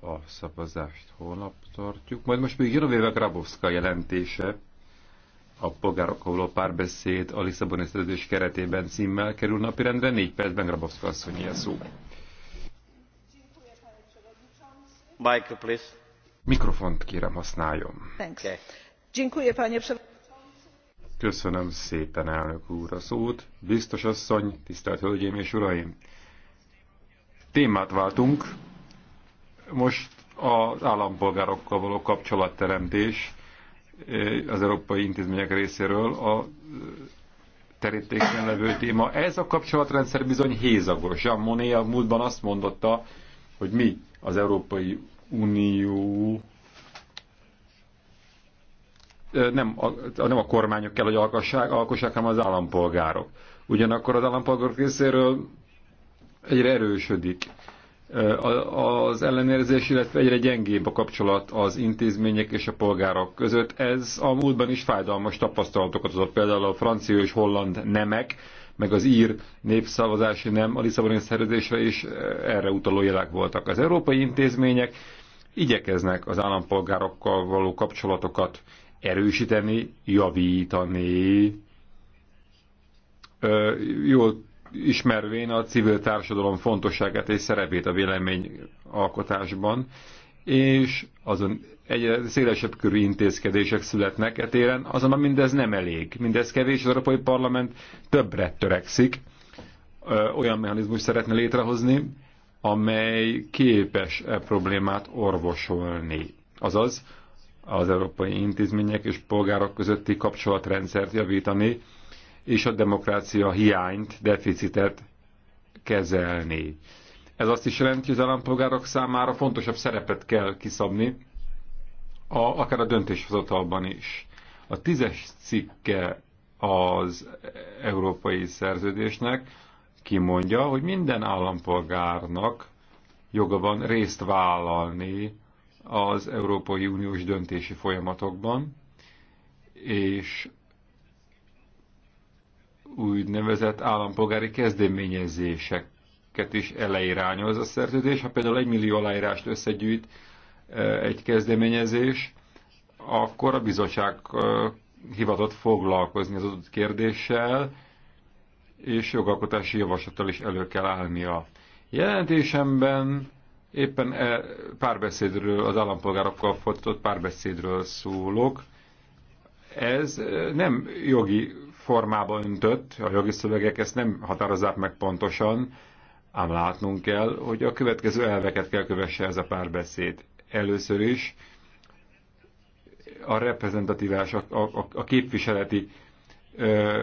a szavazást holnap tartjuk. Majd most még Janovéve Grabowska jelentése a polgárok a párbeszéd a Lisszaboni szerződés keretében címmel kerül napirendre. Négy percben Grabowska asszony a szó. Michael, please. Mikrofont kérem használjon. Köszönöm szépen, elnök úr, a szót. Biztos asszony, tisztelt hölgyeim és uraim! Témát váltunk, most az állampolgárokkal való kapcsolatteremtés eh, az európai intézmények részéről a eh, terítéken levő téma. Ez a kapcsolatrendszer bizony hézagos. Jean Monnet a múltban azt mondotta, hogy mi az Európai Unió eh, nem a, nem a kormányok kell, hogy alkossák, alkossák, hanem az állampolgárok. Ugyanakkor az állampolgárok részéről egyre erősödik az ellenérzés, illetve egyre gyengébb a kapcsolat az intézmények és a polgárok között. Ez a múltban is fájdalmas tapasztalatokat adott, például a francia és holland nemek, meg az ír népszavazási nem, a Lisszaboni szerződésre is erre utaló jelek voltak. Az európai intézmények igyekeznek az állampolgárokkal való kapcsolatokat erősíteni, javítani. jól ismervén a civil társadalom fontosságát és szerepét a véleményalkotásban, és azon egyre szélesebb körű intézkedések születnek etéren, azonban mindez nem elég. Mindez kevés, az Európai Parlament többre törekszik, olyan mechanizmus szeretne létrehozni, amely képes e problémát orvosolni. Azaz, az európai intézmények és polgárok közötti kapcsolatrendszert javítani, és a demokrácia hiányt, deficitet kezelni. Ez azt is jelenti, hogy az állampolgárok számára fontosabb szerepet kell kiszabni, a, akár a döntéshozatalban is. A tízes cikke az európai szerződésnek kimondja, hogy minden állampolgárnak joga van részt vállalni az Európai Uniós döntési folyamatokban, és úgynevezett állampolgári kezdeményezéseket is az a szerződés. Ha például egy millió aláírást összegyűjt e, egy kezdeményezés, akkor a bizottság e, hivatott foglalkozni az adott kérdéssel, és jogalkotási javaslattal is elő kell állnia. Jelentésemben éppen e, párbeszédről, az állampolgárokkal folytatott párbeszédről szólok. Ez nem jogi formába öntött, a jogi szövegek ezt nem határozzák meg pontosan, ám látnunk kell, hogy a következő elveket kell kövesse ez a párbeszéd. Először is a reprezentatívás, a, a, a képviseleti ö,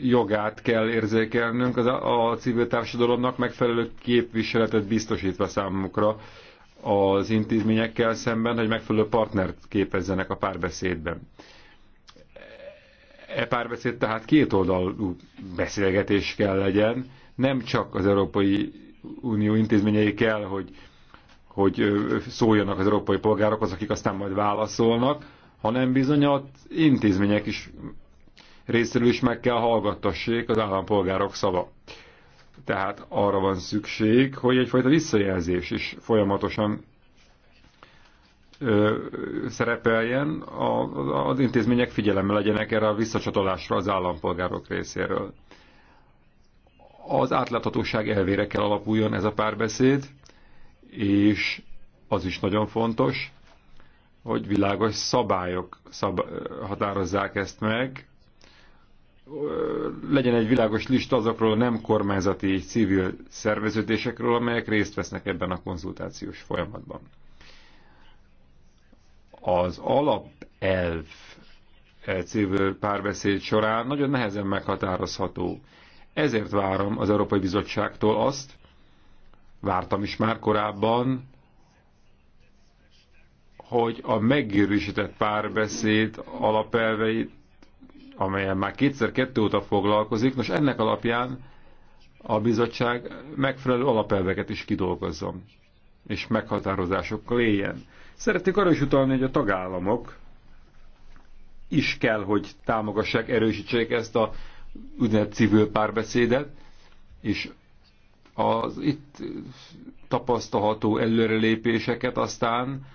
jogát kell érzékelnünk az a, a civil társadalomnak megfelelő képviseletet biztosítva számukra az intézményekkel szemben, hogy megfelelő partnert képezzenek a párbeszédben. E párbeszéd tehát két oldalú beszélgetés kell legyen, nem csak az Európai Unió intézményei kell, hogy, hogy szóljanak az európai az, akik aztán majd válaszolnak, hanem bizony az intézmények is részéről is meg kell hallgattassék az állampolgárok szava. Tehát arra van szükség, hogy egyfajta visszajelzés is folyamatosan szerepeljen, a, az intézmények figyelemmel legyenek erre a visszacsatolásra az állampolgárok részéről. Az átláthatóság elvére kell alapuljon ez a párbeszéd, és az is nagyon fontos, hogy világos szabályok szab határozzák ezt meg, legyen egy világos lista azokról a nem kormányzati civil szerveződésekről, amelyek részt vesznek ebben a konzultációs folyamatban az alapelv civil párbeszéd során nagyon nehezen meghatározható. Ezért várom az Európai Bizottságtól azt, vártam is már korábban, hogy a megerősített párbeszéd alapelveit, amelyen már kétszer-kettő óta foglalkozik, nos ennek alapján a bizottság megfelelő alapelveket is kidolgozzon és meghatározásokkal éljen. Szeretnék arra is utalni, hogy a tagállamok is kell, hogy támogassák, erősítsék ezt a úgynevezett civil párbeszédet, és az itt tapasztalható előrelépéseket aztán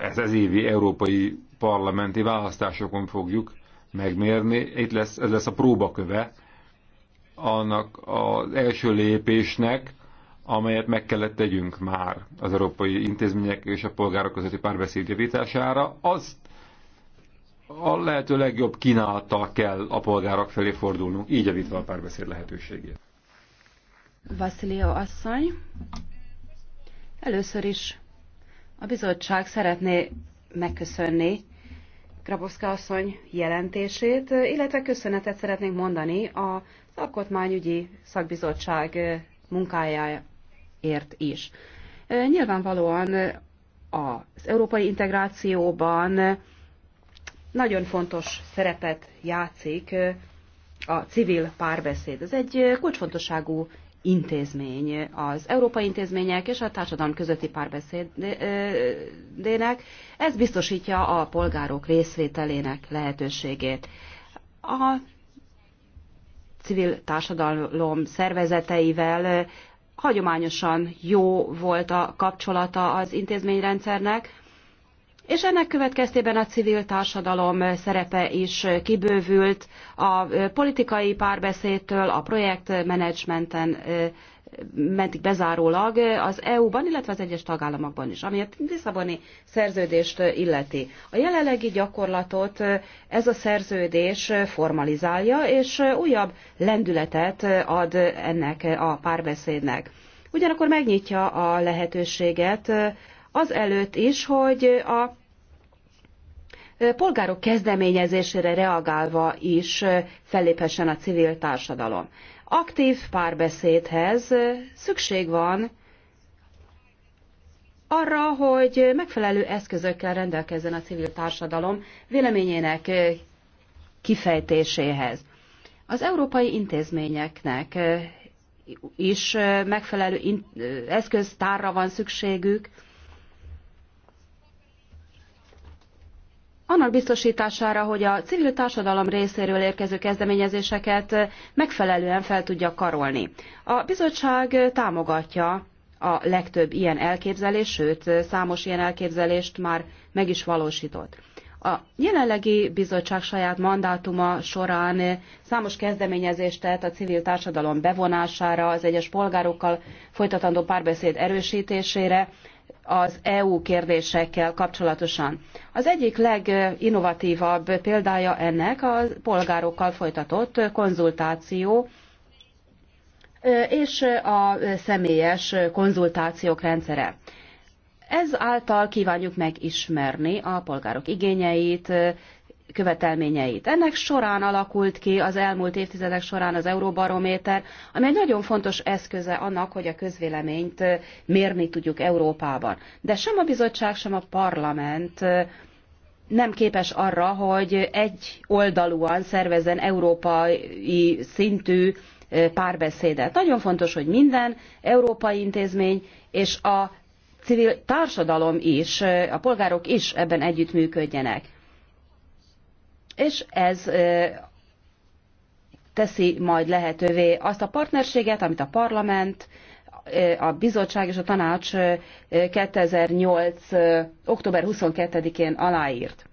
ez az évi európai parlamenti választásokon fogjuk megmérni. Itt lesz, ez lesz a próbaköve annak az első lépésnek, amelyet meg kellett tegyünk már az európai intézmények és a polgárok közötti párbeszéd javítására, azt a lehető legjobb kínálattal kell a polgárok felé fordulnunk, így javítva a párbeszéd lehetőségét. Vasilio asszony, először is a bizottság szeretné megköszönni Grabowska asszony jelentését, illetve köszönetet szeretnénk mondani az Alkotmányügyi Szakbizottság munkájára ért is. Nyilvánvalóan az európai integrációban nagyon fontos szerepet játszik a civil párbeszéd. Ez egy kulcsfontosságú intézmény az európai intézmények és a társadalom közötti párbeszédének. Ez biztosítja a polgárok részvételének lehetőségét. A civil társadalom szervezeteivel hagyományosan jó volt a kapcsolata az intézményrendszernek, és ennek következtében a civil társadalom szerepe is kibővült a politikai párbeszédtől, a projektmenedzsmenten mentik bezárólag az EU-ban, illetve az egyes tagállamokban is, ami a Lisszaboni szerződést illeti. A jelenlegi gyakorlatot ez a szerződés formalizálja, és újabb lendületet ad ennek a párbeszédnek. Ugyanakkor megnyitja a lehetőséget azelőtt is, hogy a polgárok kezdeményezésére reagálva is felléphessen a civil társadalom. Aktív párbeszédhez szükség van arra, hogy megfelelő eszközökkel rendelkezzen a civil társadalom véleményének kifejtéséhez. Az európai intézményeknek is megfelelő eszköztárra van szükségük, annak biztosítására, hogy a civil társadalom részéről érkező kezdeményezéseket megfelelően fel tudja karolni. A bizottság támogatja a legtöbb ilyen elképzelés, sőt, számos ilyen elképzelést már meg is valósított. A jelenlegi bizottság saját mandátuma során számos kezdeményezést tett a civil társadalom bevonására, az egyes polgárokkal folytatandó párbeszéd erősítésére, az EU kérdésekkel kapcsolatosan. Az egyik leginnovatívabb példája ennek a polgárokkal folytatott konzultáció és a személyes konzultációk rendszere. Ez által kívánjuk megismerni a polgárok igényeit, követelményeit. Ennek során alakult ki az elmúlt évtizedek során az Euróbarométer, ami egy nagyon fontos eszköze annak, hogy a közvéleményt mérni tudjuk Európában. De sem a bizottság, sem a parlament nem képes arra, hogy egy oldalúan szervezzen európai szintű párbeszédet. Nagyon fontos, hogy minden európai intézmény és a civil társadalom is, a polgárok is ebben együttműködjenek és ez teszi majd lehetővé azt a partnerséget, amit a parlament, a bizottság és a tanács 2008. október 22-én aláírt.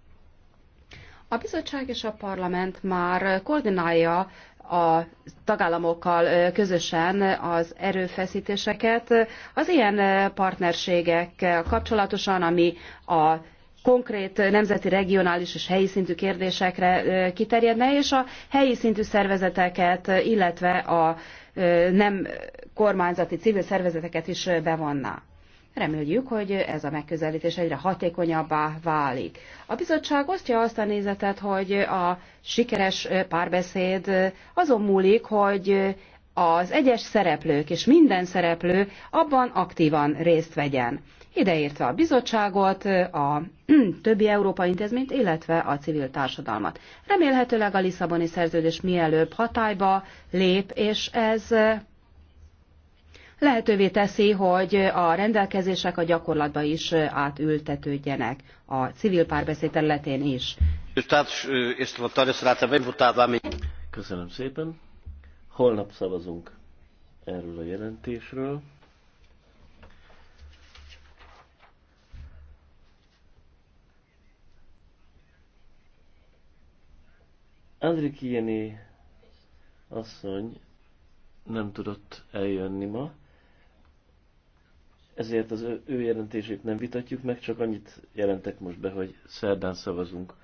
A bizottság és a parlament már koordinálja a tagállamokkal közösen az erőfeszítéseket az ilyen partnerségekkel kapcsolatosan, ami a konkrét nemzeti, regionális és helyi szintű kérdésekre kiterjedne, és a helyi szintű szervezeteket, illetve a nem kormányzati civil szervezeteket is bevonná. Reméljük, hogy ez a megközelítés egyre hatékonyabbá válik. A bizottság osztja azt a nézetet, hogy a sikeres párbeszéd azon múlik, hogy az egyes szereplők és minden szereplő abban aktívan részt vegyen. Ideértve a bizottságot, a többi európai intézményt, illetve a civil társadalmat. Remélhetőleg a Lisszaboni szerződés mielőbb hatályba lép, és ez lehetővé teszi, hogy a rendelkezések a gyakorlatba is átültetődjenek a civil párbeszéd területén is. Köszönöm szépen. Holnap szavazunk erről a jelentésről. Andrik Ieni asszony nem tudott eljönni ma, ezért az ő, ő jelentését nem vitatjuk meg, csak annyit jelentek most be, hogy szerdán szavazunk